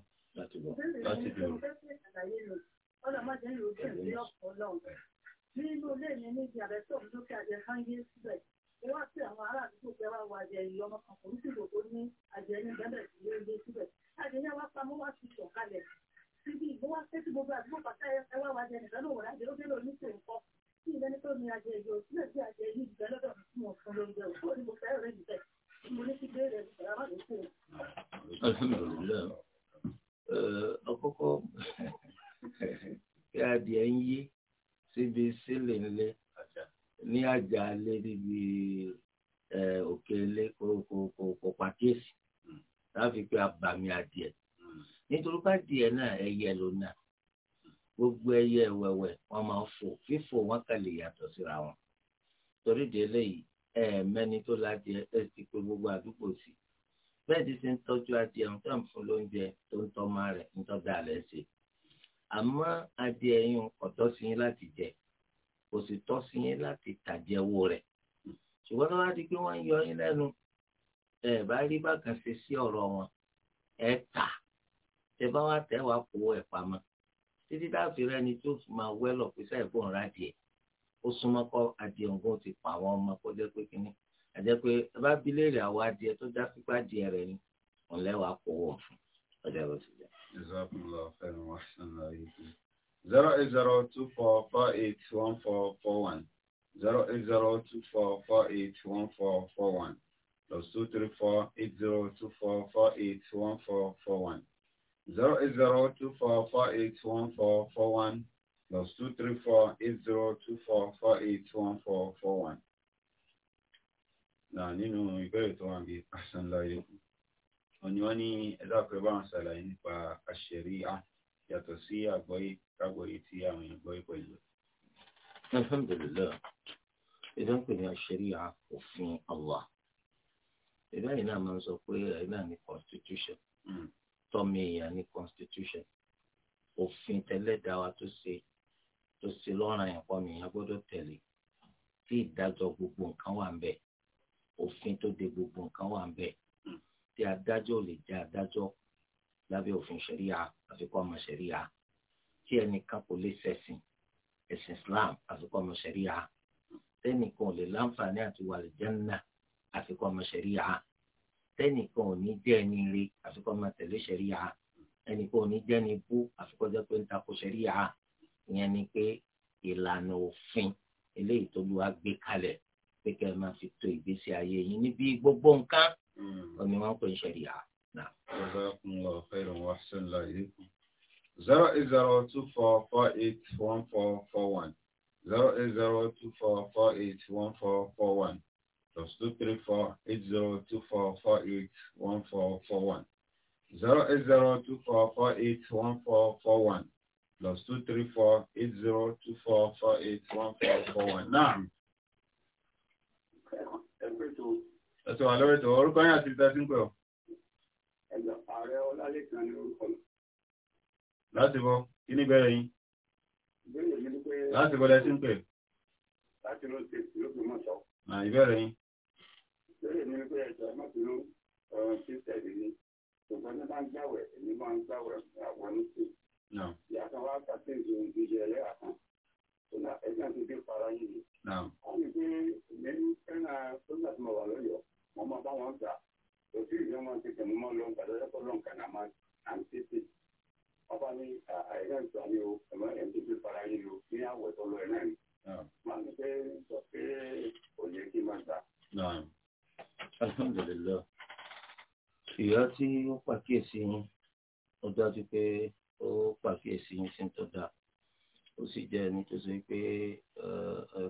láti bẹ̀rù. nínú ilé mi níbi àbẹ̀tọ̀ mi lókè àjẹ hangi síbẹ̀ ẹ sí àwọn ará àdúgbò pé wá wọ àjẹ ìyọ ọmọ kan kò ní sí gbogbo ní àjẹ ní bẹ́ẹ̀ síbi ìgbówá pé tí gbogbo àdúgbò pàṣẹ ẹwà wájẹ nìkan ló wọ̀ láti ó délé oníṣẹ́ nǹkan tí ìlẹ́ni tó ní ajẹ ìjọ sílẹ̀ sí ajẹ ní ìgbẹ́ lọ́dọ̀ mi fún ọ̀fun lóúnjẹ òkú ni mo fẹ́ rẹ̀ níbẹ̀ mo ní kí béèrè ìgbàlá má lóṣù rẹ̀. alhamdulilayi ọkọ̀kọ́ kí adìẹ ń yé síbi sílẹ̀ ńlẹ̀ ní àjà alẹ́ níbi òkè ilé pàkíyèsí láfi pé abàmì adìẹ nítorí bá díẹ̀ náà ẹyẹ ló náà gbogbo ẹyẹ wẹ̀wẹ̀ wọn máa ń fò fífò wọn kà lè yàtọ̀ síra wọn torí di eléyìí ẹ mẹ́ni tó ládìẹ ẹ ti pé gbogbo àdúgbò sí bẹ́ẹ̀ ti ṣe ń tọ́jú adìẹ ń tẹ̀ ń fún lóúnjẹ tó ń tọ́mọ rẹ̀ ń tọ́jú àlẹ́ ṣe àmọ́ adìẹ yín ọ̀tọ́ sí yín láti jẹ kò sì tọ́ sí yín láti tàjẹwò rẹ̀ ṣùgbọ́n tó bá di pé wọ́n ń yọ yín lẹ́nu ẹ bá rí bákan ṣe sí ọ̀rọ̀ wọn ẹ tà tẹ bá wá wá kó ẹ̀ pamọ́ títí dáàfin rẹ ni tó máa wẹ́lọ̀ pé sáì fún ọ̀rá díẹ̀ ó súnmọ́ kọ́ adìẹ ọ̀gbọ́n ti pa àwọn ọmọ kó jẹ́ pé kínní àjẹ́ pé ẹ bá bí léèrè àwọn adìẹ tó já pípa adìẹ rẹ ni òun lẹ́wàá kó wọ̀ fún ọjà ló ti jẹ́. zero eight zero two four four eight one four four one zero eight zero two four four eight one four four one plus two three four eight zero two four four eight one four four one zero eight zero two four four eight one four four one plus two three four eight zero two four four eight one four four one. Nà nínú ìbéèrè tó wà ní Asanláyé. Òní wọ́n ní ẹ̀dá àpẹẹrẹ báwọn ṣàlàyé nípa àṣẹrí à yàtọ̀ sí àgbọ́yé kágbọ́yé tí àwọn èèyàn gbọ́yé pẹ̀lú. Alhamdulillah, ìdá ń pè ní à òfin Allah. Ìdá yìí náà máa ń sọ pé ẹ̀dá ní constitution. Hmm tọ́mọ èèyàn ní constitution òfin tẹ́lẹ̀dá wa tó ṣe tó ṣe lọ́ràn yẹn pọ́mọ èèyàn gbọ́dọ̀ tẹ̀lé tí ìdájọ́ gbogbo nǹkan wà ń bẹ̀ òfin tó de gbogbo nǹkan wà ń bẹ̀ tí adájọ́ lè jẹ́ adájọ́ lábẹ́ òfin ṣẹ̀ríà àfikún ọmọ ṣẹ̀ríà tí ẹnìkan kò lè ṣẹ̀sìn ẹ̀sìn Islam àfikún ọmọ ṣẹ̀ríà tẹ́nìkan ò lè láǹfààní àti wàlìjẹ́ńnà àfikún ọmọ ṣẹ̀ríà tẹ́nìkan ò ní jẹ́ ẹni rí àfikọ́ máa tẹ̀lé ṣẹ̀ríà ẹnìkan ò ní jẹ́ ẹni bú àfikọ́ jẹ́ pé ń takò ṣẹ̀ríà ìyẹn ni pé ìlànà òfin eléyìí tó lù wá gbé kalẹ̀ pé kẹ́ ẹ máa fi tó ìgbésí ayé yín níbi gbogbo nǹkan ọ̀nà wọn kò ń ṣẹ̀ríà. Jazakumullahu khairan wa ahsanallahu ilaykum. zero eight zero two four four eight one four four one zero eight zero two four four eight one four four one plus two three four eight zero two four four eight one four four one zero eight zero two four four eight one four four one plus two three four eight zero two four four eight one four four one náà. ẹsẹ̀ wà lórí ètò orúkọ yẹn àti ìtẹ́sí ń pè ọ́. ẹ̀gbọ́n ààrẹ ọlálẹ́kan ní orúkọ mi. láti bọ kí ni ìbéèrè yín. ìbéèrè mi ni pé. láti bọ lẹ́sìn pé. láti ló ṣe ìlú gbọmọṣọ. ìbéèrè yín lórí mi pé ẹ̀jọ̀ ẹ̀ mọ̀tìlú ọ̀rọ̀ kírísítẹ̀lì ni ṣùgbọ́n ní máa ń gbàwẹ̀ èmi máa ń gbàwẹ̀ àwọn oníṣẹ́ yàtọ̀ wá pàṣẹ ìṣòro ìdíje ẹlẹ́yà kan ṣùgbọ́n ẹ̀jẹ̀ ti dé para yìí ni. wọ́n ní pé èmi fẹ́ràn sọ́jà tí mo wà lọ́yọ̀ọ́ mo máa bá wọn gbà òtí ìyẹn máa ti tẹ̀mú mọ́ lọ́n gbàdọ́ lẹ́kọ̀ọ́ lọ́n kàná máa à ń tètè ọba ní àìsàn ìgbà ni o o ní àwọ̀ alhamdulilayi ìyá tí ó pàkíyèsí yín ó dájú pé ó pàkíyèsí yín sí tó dáa ó sì jẹ́ ẹni tó sọ pé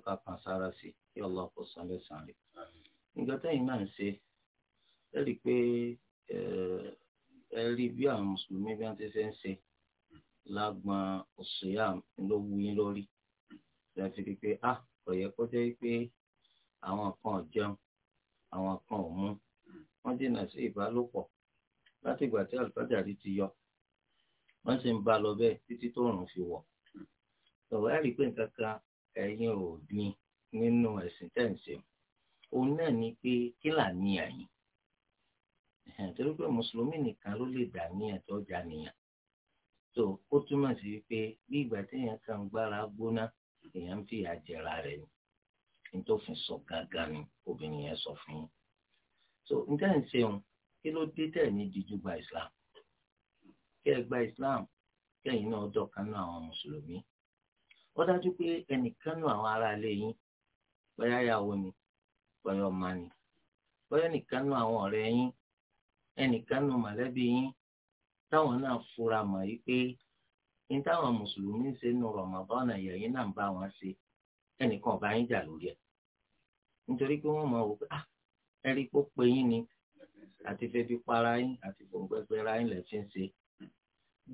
ká kan sára sí kí ọlọ́run kò san lẹ́sàn-án rẹ̀ nígbà tẹ́yìn náà ń ṣe ẹ rí i pé ẹ rí bí àwọn mùsùlùmí bí wọ́n ti fẹ́ ń ṣe lágbọn òṣìyàm ló wú yín lórí ṣe é pé ah kò yẹ kó jẹ́ pé àwọn kan jẹun àwọn kan ò mú wọ́n dènà sí ìbálòpọ̀ láti ìgbà tí àlùfáàjàrí ti yọ wọ́n sì ń bá lọ bẹ́ẹ̀ títí tó rùn fi wọ̀ tọ̀wọ́ ẹ̀ rí pé nǹkan kan ẹ̀yin ò dín nínú ẹ̀sìn tẹ̀sí òun náà ni pé kí là ní ẹ̀yìn torí pé mùsùlùmí nìkan ló lè dà ní ẹ̀tọ́ ọjà nìyàn tó ó túmọ̀ sí pé bí ìgbà téèyàn kan gbára gbóná èèyàn ń fìyà jẹra rẹ̀ ni nítòfin sọ gángan ni obìnrin yẹn sọ fún yín so níta ń ṣeun kí ló dé tẹ̀ ní díjú gba islam kí ẹ gba islam kẹ́yìn náà dọ̀kan náà àwọn mùsùlùmí ó dájú pé ẹnìkan náà àwọn aráalé yín bóyá ìyàwó ni bóyá ọmọ ni bóyá ẹnìkan náà àwọn ọ̀rẹ́ yín ẹnìkan náà mọ̀lẹ́bí yín táwọn náà fura mọ̀ yí pé ní táwọn mùsùlùmí ń ṣe nù Ramadan yẹ̀yìn náà ń bá wọn ṣe kan ọba yín jà lórí ẹ̀ nítorí pé wọ́n mọ̀ wò pé ah, ẹ rí pé ó pe yín ni àti fẹ́bi para yín àti fòǹgbẹ́gbẹ́ ra yín lẹ̀ ń ṣe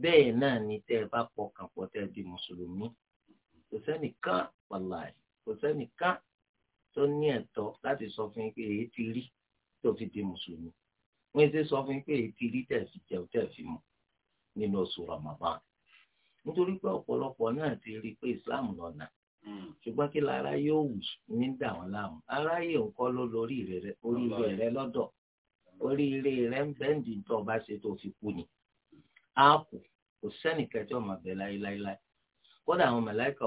bẹ́ẹ̀ náà ni tẹ́ ẹ bá pọ̀ kàn pọ̀ tẹ́ ẹ di mùsùlùmí kò sẹ́nìkan wàláì kò sẹ́nìkan tó ní ẹ̀tọ́ láti sọ fún yín pé èyí ti rí tó fi di mùsùlùmí wọ́n ti sọ fún yín pé èyí ti rí tẹ̀ fi jẹun tẹ̀ fi mu nínú oṣù Ramadan nítorí pé ọ̀pọ̀lọpọ̀ náà ti rí pé Islam lọ́nà Hmm. ṣùgbọ́n kí lára yóò wù ní dà wọ́n láàmú ara yìí ń kọ́ ló lórí rẹ oríire rẹ lọ́dọ̀ oríire rẹ ń bẹ́ǹdì tó o bá ṣe tó o fi kú ni a kù kò sẹ́nìkan tí ọmọ bẹ̀ láéláéláé kódà àwọn màláíkà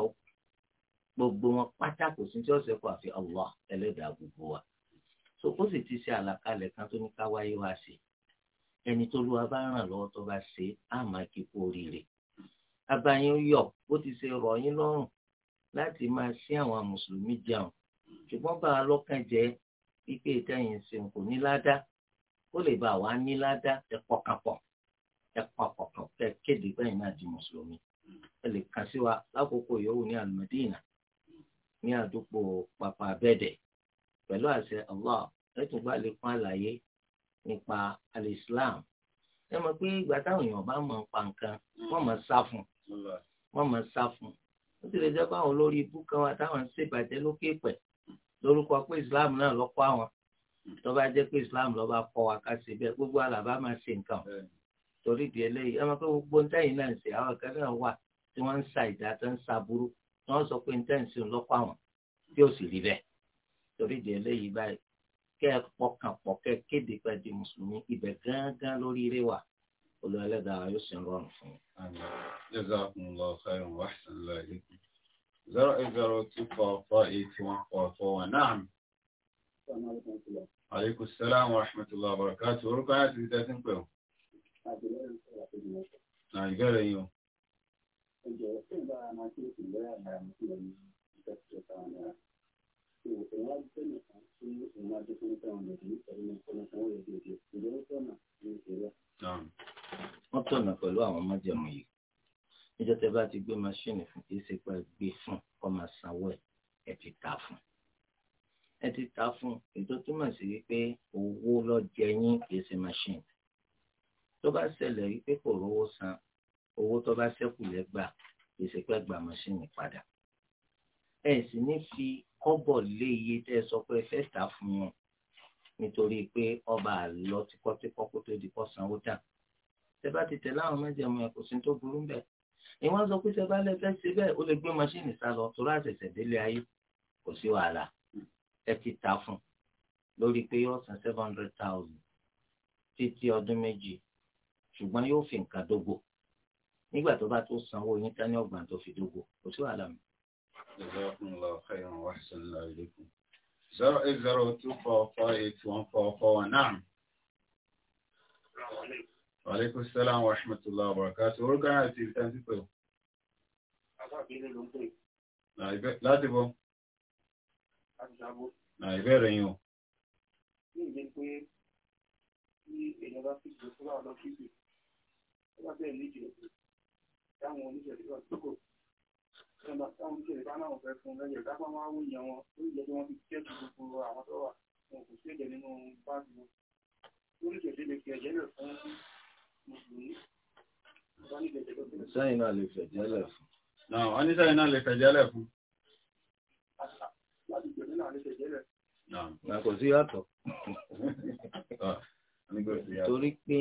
gbogbo wọn pátá kò sí tí ó ṣe àfi Allah ẹlẹ́dàá gbogbo wa so ó sì ti ṣe àlàkalẹ̀ kan tó ní ká wáyé wá sí ẹni tó lu abáràn lọ́wọ́ tó bá ṣe á máa kíkó oríire abayín yọ bó ti ṣe rọ̀ yín lọ́rùn láti máa ṣí àwọn mùsùlùmí jẹun ṣùgbọ́n bá a lọ́kàn jẹ́ pípé ìtẹ̀yìn sí kò ní ládá ó lè bá wa ní ládá ẹ̀pọ̀ kapọ̀ ẹ̀pọ̀ kọ̀kọ̀ kẹ́ kéde bẹ́yìn náà di mùsùlùmí ẹ lè kàn sí wa lákòókò yòówù ní alùmọ̀dínà ní àdúgbò pàpà bẹ́ẹ̀dẹ̀ pẹ̀lú àṣẹ Allah ẹ̀tún bá lè fún àlàyé nípa alìsílám ẹ mọ̀ pé ìgbà táwọn èèyàn bá mọ̀ nǹkan wọ́n mọ̀ sá fún wọ́n mọ̀ sá fún ó sì lè jẹ́ pé àwọn olórí ibú kan wà táwọn ń ṣèbàjẹ́ lókè pẹ̀ lórúkọ pé Islam náà ló kọ́ àwọn tó jẹ́ pé Islam ló bá kọ́ wa ká ṣe bẹ́ẹ̀ gbogbo àlàbá máa ṣe nǹkan torí di eléyìí ẹ máa pé gbogbo ntẹ́yìn náà ń ṣe àwọn kan náà wà tí wọ́n ń sa ìdá tó ń sa burú tí wọ́n sọ pé ntẹ́ǹsì ló kọ́ àwọn tí ó sì rí bẹ́ẹ̀ torí di eléyìí báyìí kẹ́ ẹ pọkàn pọ̀ kẹ́ kéde pẹ́ mùsùlùmí ibẹ̀ gángan lórí ilé wa olú ẹlẹ́dàá yóò sì ń rọrùn fún un. jazakumullahu khairan wa ahsanallahu ilaykum zero eight zero two four four eight one four four one naam. aleykum salaam wa rahmatullahi wa orúkọ ayé àti ìdá tí ń pè ọ́. na ìbéèrè yín o. ẹ jẹ́ ẹ ṣe ń bá ara máa ṣe ìpínlẹ̀ àgbà àmì wọ́n tọ̀nà pẹ̀lú àwọn májẹ̀mú yìí níjọ́ tẹ́ bá ti gbé maṣíìnì fún kì í ṣe pé gbé fún kọ́ máa sanwó ẹ̀ ẹ ti tà fún ẹ ti tà fún ètò túmọ̀ sí wípé owó lọ́jẹ́ yín kì í ṣe maṣíìnì tó bá ṣẹlẹ̀ wípé kò rówó san owó tó bá ṣẹ́kù lẹ́gbà kì í ṣe pé gba maṣíìnì padà ẹ sì ní fi kọ́bọ̀ lé iye tẹ́ ẹ sọ pé fẹ́ tà fún wọn nítorí pé ọba àlọ tíkọ́tíkọ́ kó tó di kọ́ sanwó tán tẹ bá ti tẹ láwọn mẹ́jẹ̀mú ẹ̀ kò sí tó burú bẹ́ẹ̀ ni wọ́n sọ pé tẹ bá lẹ fẹ́ ṣe bẹ́ẹ̀ ó lè gbé mọ́ṣíìnì sá lọ torí àṣẹ̀ṣẹ̀ délé ayé kò sí wàhálà ẹ ti ta fún lórí pé yóò san seven hundred thousand títí ọdún méjì ṣùgbọ́n yóò fi nǹkan dógò nígbà tó bá tó sanwó yín tání ọgbà tó fi dógò kò sí wàhálà mi جزاكم الله خيرا واحسن الله اليكم 08024481441 نعم وعليكم السلام ورحمة الله وبركاته orúkọ náà ti ìtàn sí pé o. láti bọ́. na ìbéèrè yín o. ní ìdí bá fi ìgbésí wà lọ sí ìgbè bá bẹ́ẹ̀ níjì táwọn oníṣẹ́ ìgbà tó kò nígbà tí àwọn oníṣẹ́ ìbá náà fẹ́ fún lẹ́yìn máa wọn ti jẹ́ gbogbo àwọn tó wà wọn kò sí ẹ̀jẹ̀ nínú báàgì wọn lè fi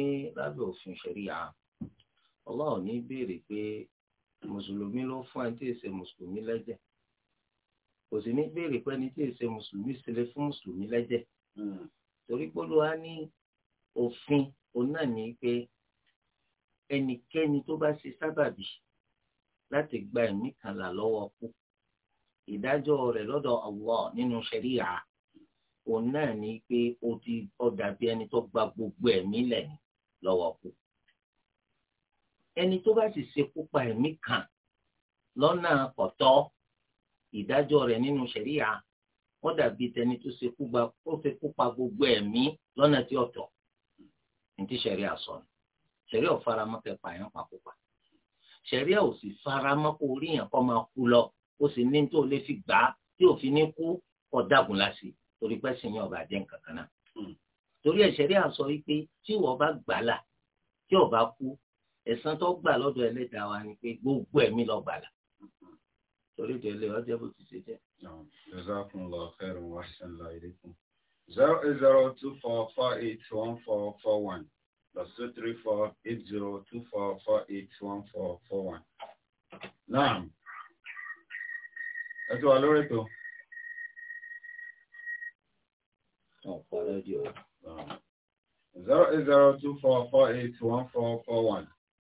ẹ̀jẹ̀ lẹ̀ fún mùsùlùmí mùsùlùmí ló fún ẹni tí ì ṣe mùsùlùmí lẹ́jẹ̀ kò sì ní béèrè pé ẹni tí ì ṣe mùsùlùmí ṣe lè fún mùsùlùmí lẹ́jẹ̀ hmm. torí pé olúwa ní òfin òun náà ní pé ẹnikẹ́ni tó bá ṣe sábàbí láti gba ẹ̀mí kan là lọ́wọ́ kú ìdájọ́ rẹ̀ lọ́dọ̀ Allah nínú ṣẹ̀ríà òun náà ní pé ó ti ọ̀dà bí ẹni tó gba gbogbo ẹ̀mí lẹ̀ lọ́wọ́ kú ẹni tó bá sì ṣekú pa ẹ̀mí kan lọ́nà ọ̀tọ̀ ìdájọ́ rẹ̀ nínú ṣẹ̀ríà wọ́n dàbí tẹni tó ṣekú pa gbogbo ẹ̀mí lọ́nà tí ọ̀tọ̀ ní ti ṣẹ̀ríà sọ ni ṣẹ̀ríà ò fara mọ́ kẹpa yẹn pàkópa ṣẹ̀ríà ò sì fara mọ́ kó orí yẹn kọ́ máa kú lọ ó sì ní tó lè fi gbà á tí òfin ní kú kọ́ dàgùn láṣì torí pẹ́ sìn yẹn ọba jẹ́ nǹkan kan náà hmm. torí ẹ̀ṣẹ̀ríà sọ wípé tí wọ́n bá gbàlà tí ọba kú ẹ̀san tó gbà lọ́dọ̀ ẹlẹ́dàá wa ni pé gbogbo ẹ̀mí lọ gbàlà torí ìdẹ́lẹ̀ ọjọ́ bó ti ṣe jẹ́. jazakumullahu khairan wa ahsanallahu ilaykum zero eight zero two four four eight one four four one plus two three four eight zero two four four eight one four four one. naam ẹ ti wà lórí ètò. ọ̀pọ̀ rẹ́díò. zero eight zero two four four eight one four four one.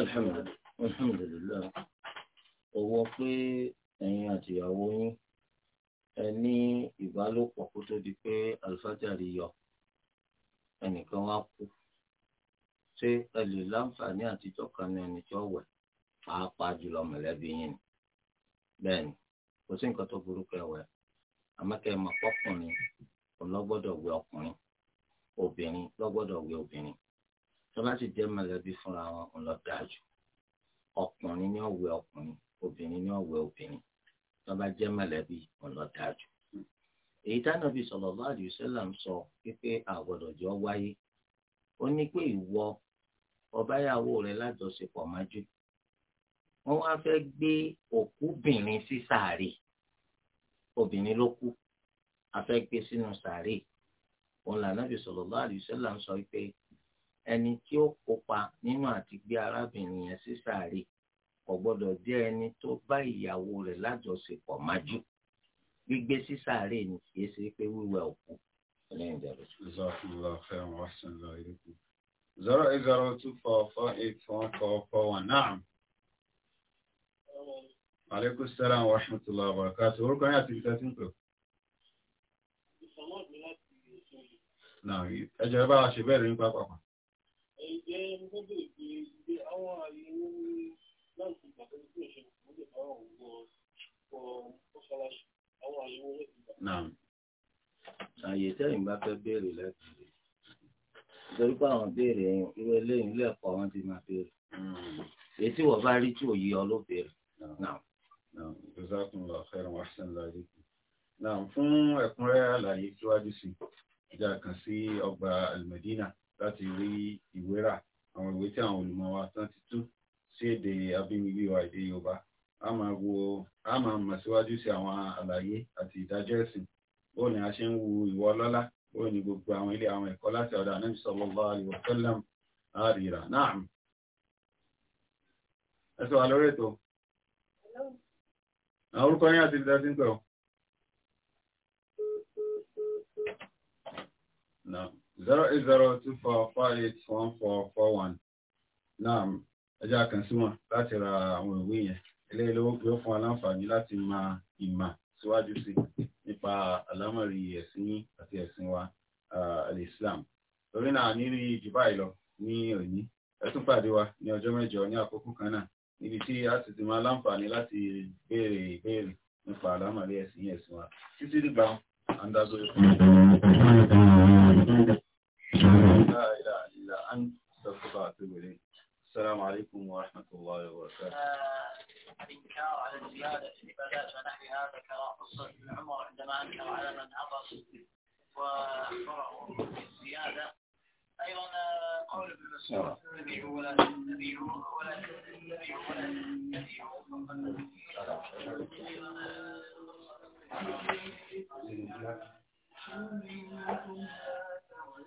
alhamdulilayi alhamdulilayi owó pé ẹ̀yin àtìyàwó yín ẹ ní ìbálòpọ̀ kó tó di pé alifájàrí yọ ẹnìkan wá kú ṣé ẹ lè láǹfààní àtijọ́ kan ní ẹni tí ó wẹ̀ pàápàá jùlọ mọ̀lẹ́bí yín ni bẹ́ẹ̀ ni kò sí nǹkan tó burúkú ẹ wẹ̀ àmọ́kẹ́ ẹ mọ̀ pọ́kùnrin ọlọ́gbọ́dọ̀ wẹ̀ ọkùnrin obìnrin lọ́gbọ́dọ̀ wẹ̀ obìnrin tó bá sì jẹ́ mọ̀lẹ́bí fúnra wọn kò lọ dáa jù ọkùnrin ní ọ̀wẹ́ ọkùnrin obìnrin ní ọ̀wẹ́ obìnrin tó bá jẹ́ mọ̀lẹ́bí kò lọ dáa jù. èyí tá nàbì sallallahu alaihi wasallam ń sọ pé àgbọ̀dọ̀ jọ wáyé ó ní pé ìwọ ọbáyàwó rẹ lájọṣepọ̀ májú wọ́n wá fẹ́ gbé òkúbìnrin sí sàárè obìnrin ló kú a fẹ́ gbé sínú sàárè òun làǹdàbì sallallahu alaihi wasallam ń sọ pé ẹni tí ó kópa nínú àti gbé arábìnrin yẹn sí sàárè kò gbọ́dọ̀ jẹ́ ẹni tó bá ìyàwó rẹ̀ lájọṣepọ̀ májú gbígbé sí sàárè ni kì í ṣe pé wíwẹ̀ òkú lẹ́yìn ìjọba. zero eight zero two four four eight one four four one naam. aleykum salaam wa rahmatulah wa barakatuh orúkọ yẹn àti ìfẹ́ tí ń pè ọ́. ẹ jẹ́ bá a ṣe bẹ́ẹ̀ rí nípa pàpà. Naam. Àyè tẹ́yìn bá fẹ́ béèrè lẹ́kùnrin. Torí pé àwọn béèrè irú eléyìí lẹ́kọ̀ọ́ wọn ti máa béèrè. Hmm. Ètí wọ́n bá rí tí ò yí ọ ló béèrè. Naam. Naam. Jazakumullahu khairan wa ahsanal alaykum. Naam. Fún ẹ̀kúnrẹ́rẹ́ àlàyé síwájú sí, ìjà kan sí ọgbà Al-Madina láti rí ìwé rà àwọn ìwé tí àwọn olùmọ̀ wa tán ti tú sí èdè abínibí wa èdè Yorùbá a máa wo a máa mọ̀ síwájú sí àwọn àlàyé àti ìdájọ́ ẹ̀sìn bó ni a ṣe ń wu ìwọ ọlọ́lá bó ni gbogbo àwọn ilé àwọn ẹ̀kọ́ láti ọ̀dọ̀ Ànábì sallallahu alaihi wasallam àrírà náà ẹ sọ wa lórí ètò àwọn orúkọ yín àti ìdájí ń pẹ̀ ọ́. Naam. 08024481441 náà ẹjọ́ àkànṣímọ̀ láti ra àwọn ìwé yẹn eléyìí ló yóò fún aláǹfààní láti mọ ìmọ̀ síwájú sí nípa àlámọ̀rí ẹ̀sìn àti ẹ̀sìn wa alìsílám torí náà nírí n'i báyìí lọ ní òní ẹ tún pàdé wa ní ọjọ́ mẹ́jọ ní àkókò kan náà níbi tí a sì ti máa láǹfààní láti béèrè ìbéèrè nípa àlámọ̀rí ẹ̀sìn ẹ̀sìn wa أنت سوف أتوب السلام عليكم ورحمة الله وبركاته الإنكار على الزيادة في العبادات هذا ذكر قصة عمر عندما أنكر على من عطس وأخبره بالزيادة أيضا قول ابن مسعود تبيعوا ولا تتبعوا ولا تتبعوا ولا تتبعوا